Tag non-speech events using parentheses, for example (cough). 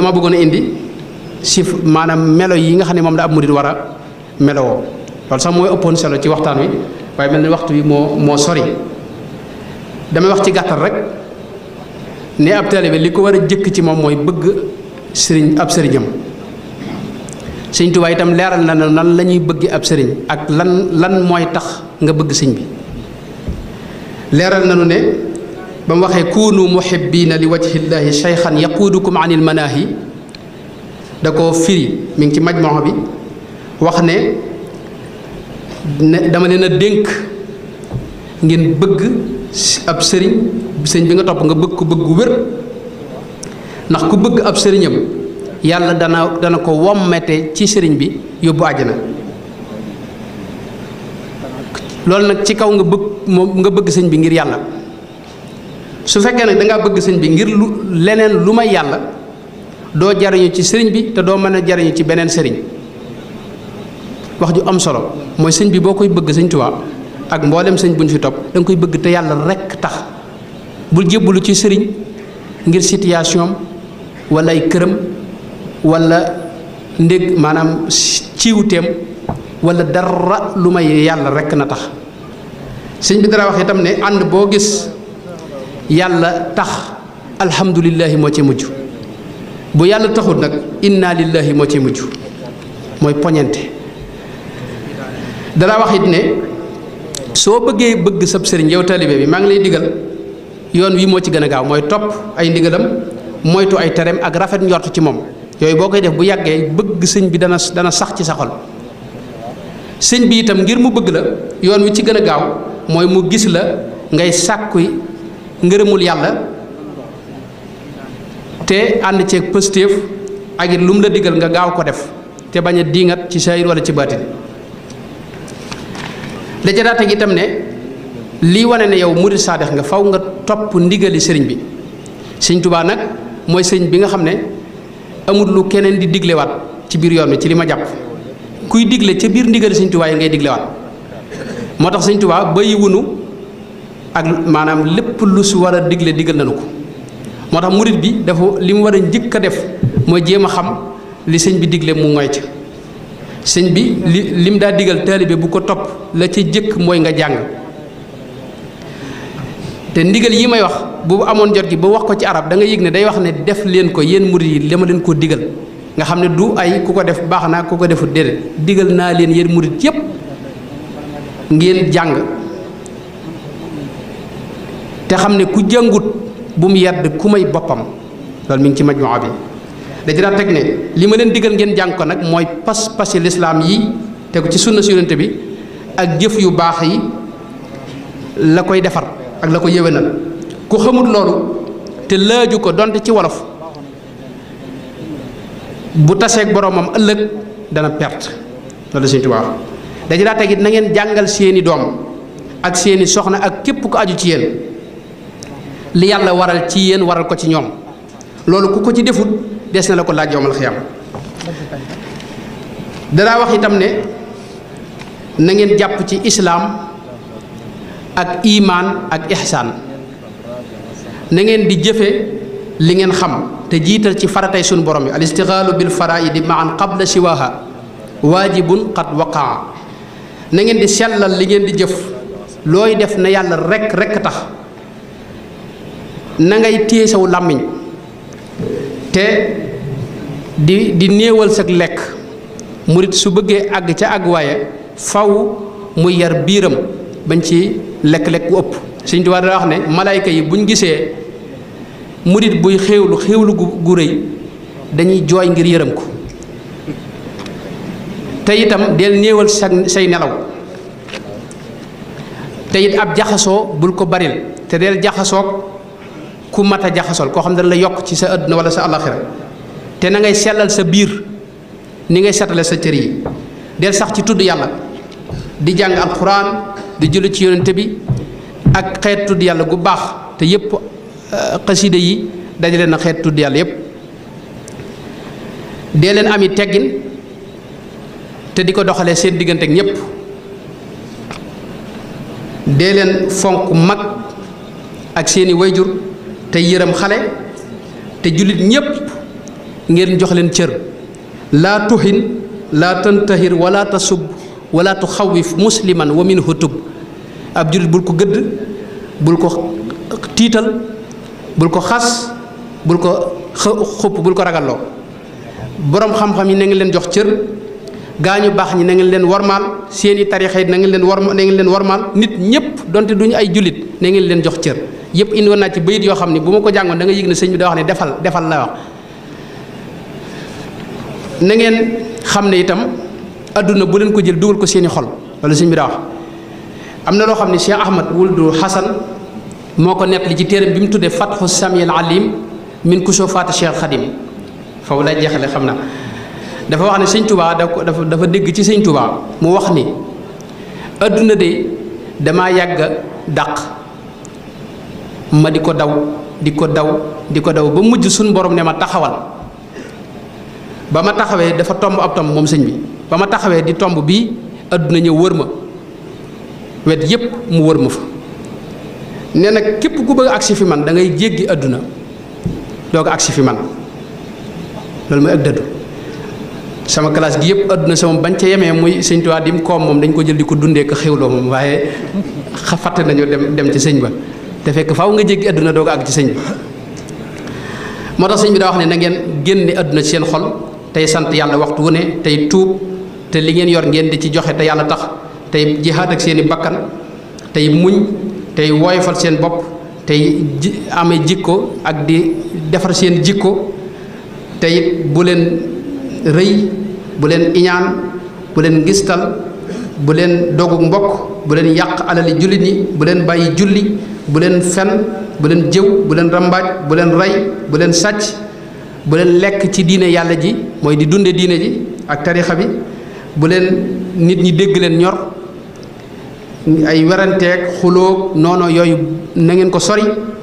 dama bëggoon indi si maanaam melo yi nga xam ne moom la ab murid war a melowoo loolu sax mooy ëppoon solo ci waxtaan wi waaye mel ni waxtu wi moo moo sori dama wax ci gàttal rek ne ab taalibe li ko war a jëkk ci moom mooy bëgg sëriñ ab sëriñam sëriñ tuba itam leeral na nan la ñuy bëgg ab sëriñ ak lan lan mooy tax nga bëgg sëñ bi leeral na nu ne ba mu waxee kuunu muhibbina li wajhillahi shaykhan yaquudukum anil manaahi da koo firi mu ngi ci majmoo bi wax ne dama leen dénk ngeen bëgg ab sëriñ sëñ bi nga topp nga bëgg ko bëgg wér ndax ku bëgg ab sëriñam yàlla dana dana ko wommete ci sëriñ bi yóbbu na loolu nag ci kaw nga bëgg moom nga bëgg sëñ bi ngir yàlla su fekkee nag da ngaa bëgg sëñ bi ngir lu leneen lu may yàlla doo jariñu ci sëriñ bi te doo mën a jariñu ci beneen sëriñ wax ju am solo mooy sëñ bi boo koy bëgg sëñ Tuubaa ak mboolem sëñ bu ñu fi topp danga koy bëgg te yàlla rekk tax bul jébbalu ci sëriñ ngir situation am ay këram wala ndég maanaam ciwuteem wala dara lu may yàlla rekk na tax sëñ bi dara wax tam ne ànd boo gis yàlla tax alhamdulillahi moo ci mujj bu yàlla taxul nag inna lillahi moo ci mujj mooy poñente dana wax it ne soo bëggee bëgg sab sëriñ yow taalibe bi maa ngi lay digal yoon wi moo ci gën a gaaw mooy topp ay ndigalam moytu ay tereem ak rafet njort ci moom yooyu boo koy def bu yàggee bëgg sëñ bi dana dana sax ci sa xol sëñ bi itam ngir mu bëgg la yoon wi ci gën a gaaw mooy mu gis la ngay sàkku ngërëmul yàlla te ànd ceeg pëstéef ak it lu mu la digal nga gaaw ko def te bañ a diingat ci saayir wala ci baatin da gi itam ne lii wane ne yow murid saadex nga faw nga topp ndigali sëriñ bi sëriñ Tuubaa nag mooy sëriñ bi nga xam ne amul lu keneen di diglewaat ci biir yoon bi ci li ma jàpp kuy digle ca biir ndigali sëriñ Tuubaa yi ngay diglewaat moo tax sëriñ Tuubaa bàyyiwunu ak maanaam lépp lu si war a digle digal nañu ko moo tax murit bi dafa li mu war a njëkk a def mooy jéem a xam li sëñ bi digle mu moy ca sëñ bi li li mu daa digal taalibe bu ko topp la ca jëkk mooy nga jàng te ndigal yi may wax boobu amoon jot gi ba wax ko ci arab danga nga ne day wax ne def leen ko yéen murit yi li ma leen ko digal nga xam ne du ay ku ko def baax naa ku ko defut déedéet digal naa leen yéen murit yépp ngeen jàng te xam ne ku jàngut bu mu yedd ku may boppam loolu mi ngi ci majmuwa bi dañu daa teg ne li ma leen digal ngeen jàng ko nag mooy pas-pasi lislaam yi tegu ci sunna si yonent bi ak jëf yu baax yi la koy defar ak la ko yéwénal ku xamut loolu te laaju ko donte ci wolof bu taseeg boromam ëllëg dana perte loolu Sëñ Tuubaa dañu daa teg it na ngeen jàngal seeni doom ak seeni soxna ak képp ku aju ci yéen li yàlla waral ci yéen waral ko ci ñoom loolu ku ko ci defut des na la ko laaj yowmal xiyaam danaa wax itam ne na ngeen jàpp ci islaam ak imaan ak ihsaan na ngeen di jëfe li ngeen xam te jiital ci faratay sunu borom yi al istixaalu bil faraidi maan qabla siwaha waajibun qad waqaa na ngeen di sellal li ngeen di jëf looy def na yàlla rekk rekk a tax na ngay téye làmmiñ te di di néewal sag lekk murit su bëggee àgg ca àgg waaye faw muy yar biiram bañ ci lekk-lekk bu ëpp Sëñ Tuubaa daa wax ne malaayka yi buñ gisee murit buy xéewlu xéewlu gu rëy dañuy jooy ngir yërëm ko te itam del néewal sa say nelaw te it ab jaxasoo bul ko baril te del jaxasoog ku mata jaxasol ko xam la yok ci sa aduna wala sa alaxira te na ngay selal sa bir ni ngay setale sa cër del sax ci tuddu yalla di jang alquran di julli ci yonente bi ak xet tuddu yalla gu bax te yep qasida euh, yi dajale na xet tuddu yalla yep de leen ami teggin te diko doxale seen ak ñep de leen fonk mag ak seeni wayjur te yërëm xalé te julit ñepp ngeen jox leen cër la tuhin la tantahir wala tasub wala tukhawif musliman wa minhu tub ab julit bul ko gëdd bul ko tital bul ko xass bul ko xop bul ko ragallo borom xam-xam tari na ngeen leen jox cër gañu bax ni ngeen leen seeni ngeen leen na ngeen leen nit ñepp donte duñ ay julit na ngeen leen jox cër yépp indi naa ci bayit yoo xam ne bu ma ko jàngoon da nga yëg ne bi daa wax ne defal defal la wax na ngeen xam ne itam adduna bu leen ko jël dugal ko seeni xol wala sëñ bi daa wax am na loo xam ne Cheikh Ahmad wuldu Hasan moo ko nekk li ci téere bi mu tuddee fatxu samil alim min kusufaati Cheikh Xadim foofu lay jeexale xam na dafa wax ne sëñ Touba dafa dafa dégg ci sëñ Touba mu wax ni adduna de damaa yàgg dàq ma diko daw di daw di daw ba mujj sun borom ne ma taxawal ba ma dafa tomb ab tomb mom señ bi ba ma di tomb bi aduna ñu wërma yep wet yépp mu wërma fa né nak képp ku bëgg aksi fi man da ngay jéggi àdduna doog aksi fi man moy ak dëdd sama kelas gi yépp aduna sama bañ ca yemee muy señ tuwa dim ko mom dañ ko jël di dundé dundee ko xewloo moom waaye (laughs) nañu dem dem ci señ ba te fekk faaw nga jéggi àdduna doo ak àgg ci sëñ bi moo tax sëñ bi daa wax ne na ngeen génne àdduna ci seen xol tey sant yàlla waxtu wu ne tey tuub te li ngeen yor ngeen di ci joxe te yàlla tax tey jihaad ak seeni i bakkan tey muñ tey woyfal seen bopp tey ji amee jikko ak di defar seen jikko tey bu leen rëy bu leen iñaan bu leen ngistal bu leen dogug mbokk bu leen yàq alali jullit yi bu leen bàyyi julli bu leen fen bu leen jëw bu leen rambaaj bu leen rey bu leen sàcc bu leen lekk ci diine yàlla ji mooy di dunde diine ji ak tarixa bi bu leen nit ñi dégg leen ñor ay weranteek xuloog noono yooyu nangeen ko sori